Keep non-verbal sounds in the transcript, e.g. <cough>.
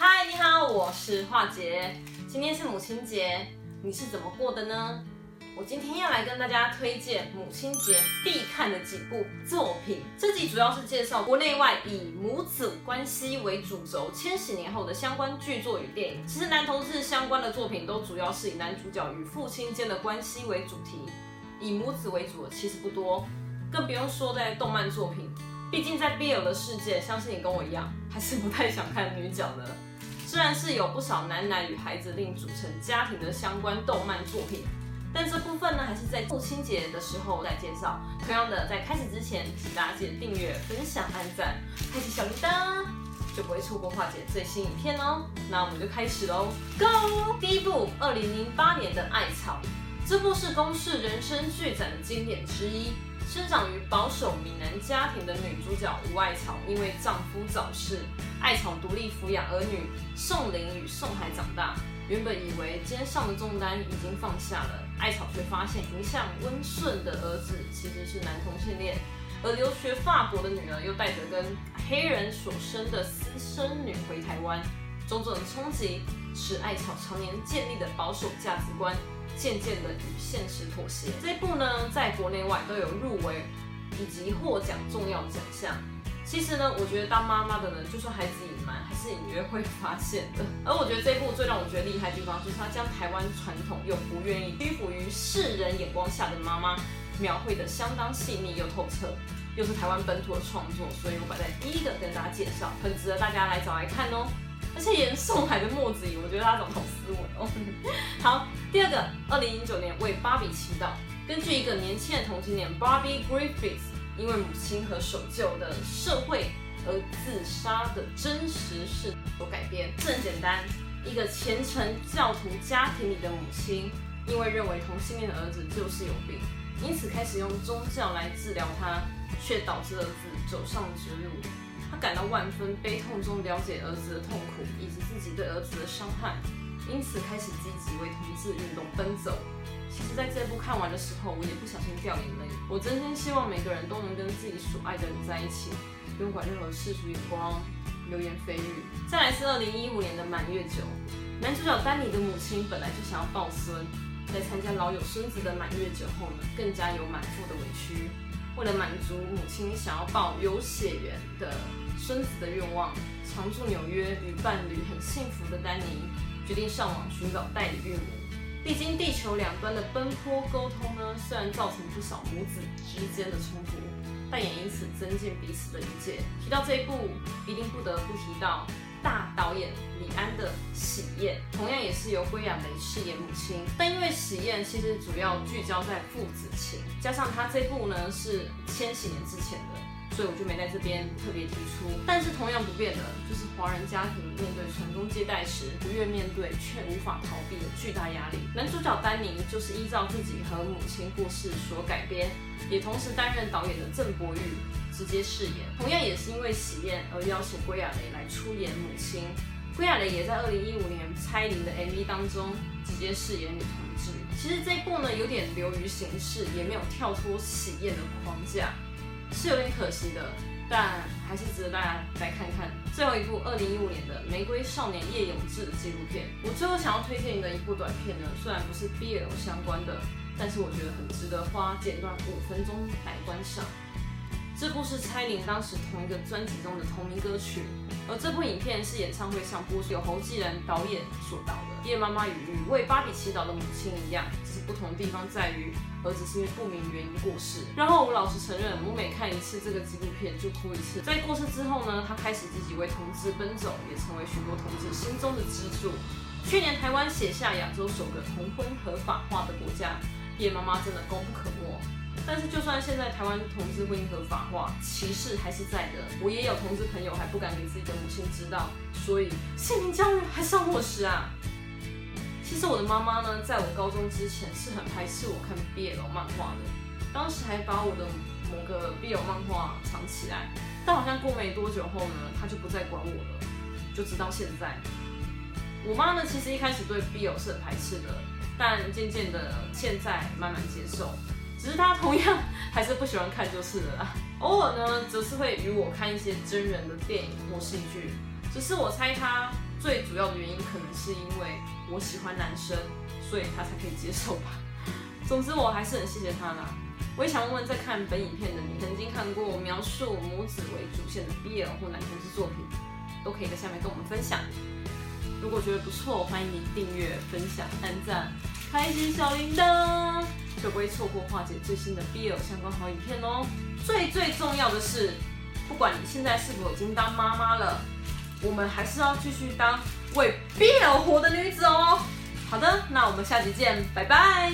嗨，Hi，你好，我是樺姐。今天是母親節，你是怎麼過的呢？我今天要來跟大家推薦母親節必看的幾部作品。這集主要是介紹國內外以母子關係為主軸，千禧年後的相關劇作與電影。其實男同志相關的作品都主要是以男主角與父親間的關係為主題，以母子為主的其實不多，更不用說在動漫作品。畢竟在 BL 的世界，相信你跟我一樣，還是不太想看女角的。雖然是有不少男男與孩子另組成家庭的相關動漫作品，但這部分呢，還是在父親節的時候來介紹。同樣的，在開始之前，請大家記得訂閱、分享、按讚、開啟小鈴鐺，就不會錯過樺姐最新影片哦。那我們就開始嘍，Go！第一部，二零零八年的《艾草》，這部是公視人生劇展的經典之一。生長於保守閩南家庭的女主角吳艾草，因為丈夫早逝，艾草獨立撫養兒女宋林與宋海長大。原本以為肩上的重擔已經放下了，艾草卻發現一向溫順的兒子其實是男同性戀，而留學法國的女兒又帶着跟黑人所生的私生女回台灣。種種的衝擊，使艾草常年建立的保守價值觀漸漸的與現實妥協。這一部呢，在國內外都有入圍以及獲獎重要的獎項。其實呢，我覺得當媽媽的人，就算孩子隱瞞，還是隱約會發現的。而我覺得這一部最讓我覺得厲害的地方，就是它將台灣傳統又不願意屈服於世人眼光下的媽媽，描繪得相當細膩又透徹，又是台灣本土的創作，所以我把它第一個跟大家介紹，很值得大家來找來看哦、喔。而且演宋海的莫子儀我覺得他長得好斯文哦。 <laughs> 好，第二個，二零零九年為巴比祈禱，根據一個年輕的同性戀 Bobby Griffith 因為母親和守舊的社會而自殺的真實事所改編。這很簡單，一個虔誠教徒家庭裡的母親，因為認為同性戀的兒子就是有病，因此開始用宗教來治療他，卻導致兒子走上絕路。他感到萬分悲痛，中了解兒子的痛苦，以及自己對兒子的傷害，因此開始積極為同志運動奔走。其實在這部看完的時候，我也不小心掉眼淚。我真心希望每個人都能跟自己所愛的人在一起，嗯、不用管任何世俗眼光、流言蜚語。再來是二零一五年的滿月酒，男主角丹尼的母親本來就想要抱孫，在參加老友孫子的滿月酒後呢，更加有滿腹的委屈。為了滿足母親想要抱有血緣的孫子的願望，常駐紐約與伴侶很幸福的丹尼決定上網尋找代理孕母。歷經地球兩端的奔波溝通呢，雖然造成不少母子之間的衝突，但也因此增進彼此的理解。提到這一部，一定不得不提到。大導演李安的喜宴，同樣也是由歸亞蕾飾演母親，但因為喜宴其實主要聚焦在父子情，加上他這部呢是千禧年之前的。所以我就沒在這邊特別提出，但是同樣不變的就是華人家庭面對傳宗接代時不願面對卻無法逃避的巨大壓力。男主角丹寧就是依照自己和母親故事所改編，也同時擔任導演的鄭伯昱直接飾演。同樣也是因為喜宴而邀請歸亞蕾來出演母親，歸亞蕾也在二零一五年蔡依林的 MV 當中直接飾演女同志。其實這一部呢有點流於形式，也沒有跳脫喜宴的框架。是有點可惜的，但還是值得大家來看看。最後一部二零一五年的《玫瑰少年葉永鋕》的紀錄片。我最後想要推薦的一部短片呢，雖然不是 BL 相關的，但是我覺得很值得花簡短五分鐘來觀賞。這部是蔡依林當時同一個專輯中的同名歌曲，而這部影片是演唱會上播出，由侯季然導演所導的《葉媽媽與為芭比祈禱的母親》一樣，只是不同地方在於兒子是因為不明原因過世。然後我老實承認，我每看一次這個紀錄片就哭一次。在過世之後呢，他開始自己為同志奔走，也成為許多同志心中的支柱。去年台灣寫下亞洲首個同婚合法化的國家。葉媽媽真的功不可沒，但是就算現在臺灣同志婚姻合法化，歧視還是在的。我也有同志朋友還不敢給自己的母親知道，所以性平教育還是要落實啊。其實我的媽媽呢，在我高中之前是很排斥我看 BL 漫畫的，當時還把我的某個 BL 漫畫藏起來。但好像過沒多久後呢，她就不再管我了，就直到現在。我媽呢，其實一開始對 BL 是很排斥的。但漸漸的，現在慢慢接受，只是他同樣還是不喜歡看就是了。偶爾呢，則是會與我看一些真人的電影或戲劇，只是我猜他最主要的原因，可能是因為我喜歡男生，所以他才可以接受吧。總之，我還是很謝謝他啦。我也想問問，在看本影片的你，曾經看過描述母子為主線的 BL 或男同志作品，都可以在下面跟我們分享。如果覺得不錯，歡迎你訂閱、分享、按讚。開啟小鈴鐺，就不會錯過樺姐最新的 BL 相關好影片哦。最最重要的是，不管你現在是否已經當媽媽了，我們還是要繼續當為 BL 活的女子哦。好的，那我們下集見，拜拜。